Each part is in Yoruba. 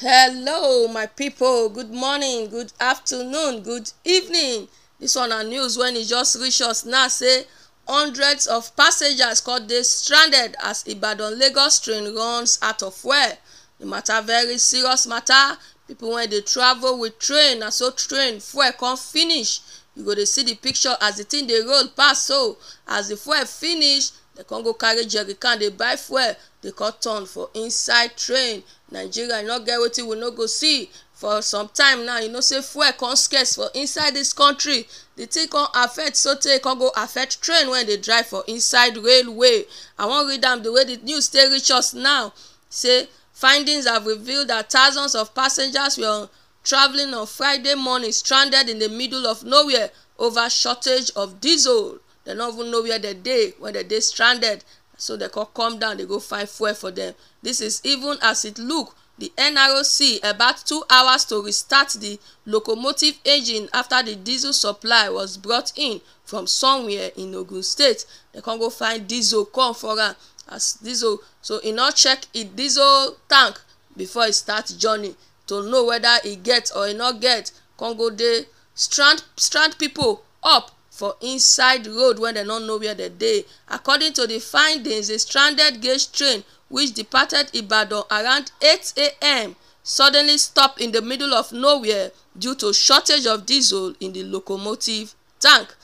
hello my people good morning good afternoon good evening this one na news wen It e just reach us now say hundreds of passengers caught dey stranded as ibadan lagos train runs out of fuel the matter very serious matter people when they travel with train na so train fuel come finish you go to see the picture as the thing dey roll pass so as the fuel finish they can go carry jerry can They buy fuel they cut turn for inside train nigeria you no get wetin we no go see for some time now you know say fuel come scarce for inside this country the thing come affect sotey e come go affect train wey dey drive for inside railway i wan read am the way the news take reach us now say findings have revealed that thousands of passengers were travelling on friday morning stranded in the middle of nowhere over shortage of diesel dem no even know where dem dey when dem dey stranded so they come come down They go find fuel for them. This is even as it look the nroc about two hours to restart the locomotive engine after the diesel supply was brought in from somewhere in ogun state They come go find diesel come for am as diesel so e no check e diesel tank before e start journey to know whether e get or e no get come go dey strand strand people up for inside road wey dem no know where dem dey according to di findings a stranded gauge train which departed ibadan around 8am suddenly stop in the middle of nowhere due to shortage of diesel in the locomotive tank.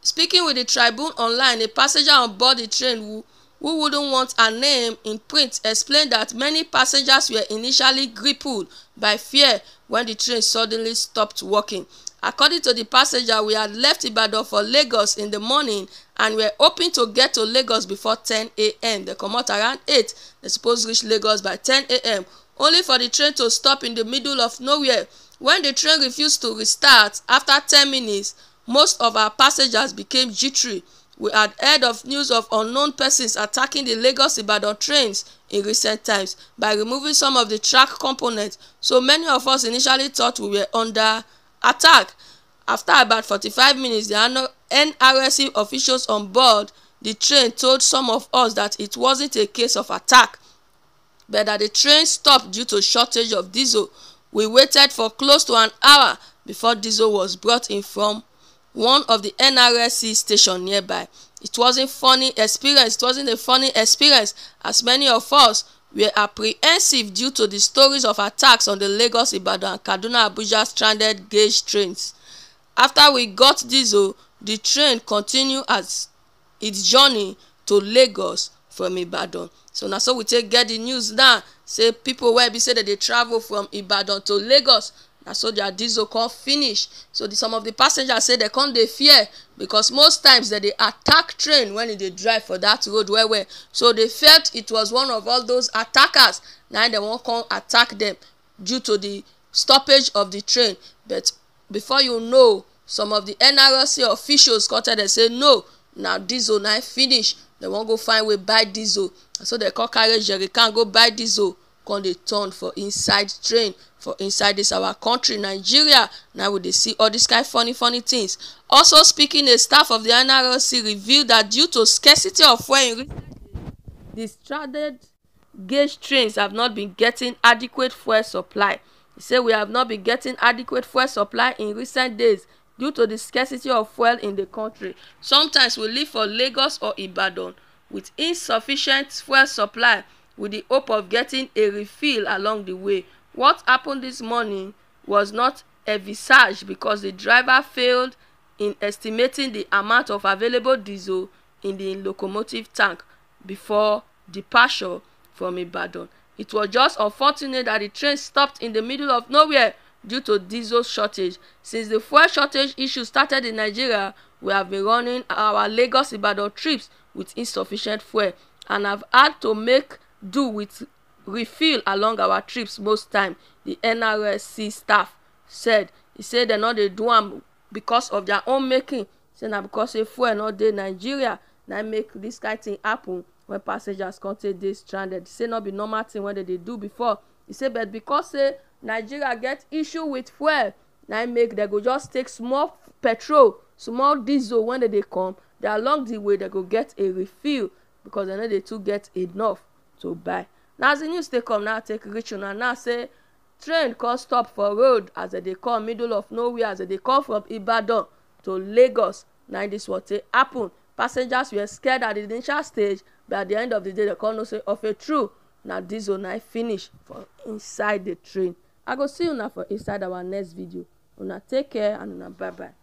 Speaking with the Tribune online, a passenger on board the train who, who wouldn't want her name in print explained that many passengers were initially gripped by fear when the train suddenly stopped working. According to the passenger, we had left Ibadan for Lagos in the morning and were hoping to get to Lagos before 10 a.m. They come out around 8. They supposed to reach Lagos by 10 a.m. Only for the train to stop in the middle of nowhere. When the train refused to restart after 10 minutes, most of our passengers became jittery. We had heard of news of unknown persons attacking the Lagos Ibadan trains in recent times by removing some of the track components, so many of us initially thought we were under attack. After about 45 minutes, the NRC officials on board the train told some of us that it wasn't a case of attack, but that the train stopped due to shortage of diesel. We waited for close to an hour before diesel was brought in from one of the NRC stations nearby. It wasn't funny experience. It wasn't a funny experience as many of us were apprehensive due to the stories of attacks on the Lagos, Ibadan, and Kaduna Abuja stranded gauge trains. After we got diesel, oh, the train continued as its journey to Lagos from Ibadan. So na so we take get the news now. Say people wey be say that they travel from Ibadan to Lagos na so their diesel come finish so the, some of the passengers say they come dey fear because most times they dey attack train when e dey drive for that road well well so they felt it was one of all those attackers na they wan come attack them due to the stoppage of the train but before you know some of the nrc officials come tell dem say no na diesel na finish They wan go find way buy diesel so they come carry jerry can go buy diesel come dey turn for inside train for inside dis our country nigeria Now we dey see all dis kind funny funny things also speaking a staff of the nrc reveal that due to scarcity of fuel in recent days di stranded gauge trains have not been getting adequate fuel supply He say we have not been getting adequate fuel supply in recent days due to the scarcity of fuel in the country sometimes we leave for lagos or ibadan with insufficient fuel supply with the hope of getting a refill along the way. What happened this morning was not a envisaged because the driver failed in estimating the amount of available diesel in the locomotive tank before departure from Ibadan. It was just unfortunate that the train stopped in the middle of nowhere due to diesel shortage. Since the fuel shortage issue started in Nigeria, we have been running our Lagos Ibadan trips with insufficient fuel and have had to make do with refill along our trips most time di nrsc staff said e say dem no dey do am because of their own making say na because say fuel no dey nigeria na make dis kind tin happen wen passengers come take dey stranded say no be normal tin wey dem dey do before e say but because say nigeria get issue with fuel na make dem go just take small petrol small diesel wen dem dey come den along di way dem go get a refill because dem no dey too get enough to buy na as di news take come now take reach una now say train come stop for road as dem dey come middle of nowhere as dem dey come from ibadan to lagos na im dis one take happen passengers were scared at the initial stage but at the end of the day dem come know say of a true na diesel na im finish for inside the train i go see una for inside our next video una take care and una bye bye.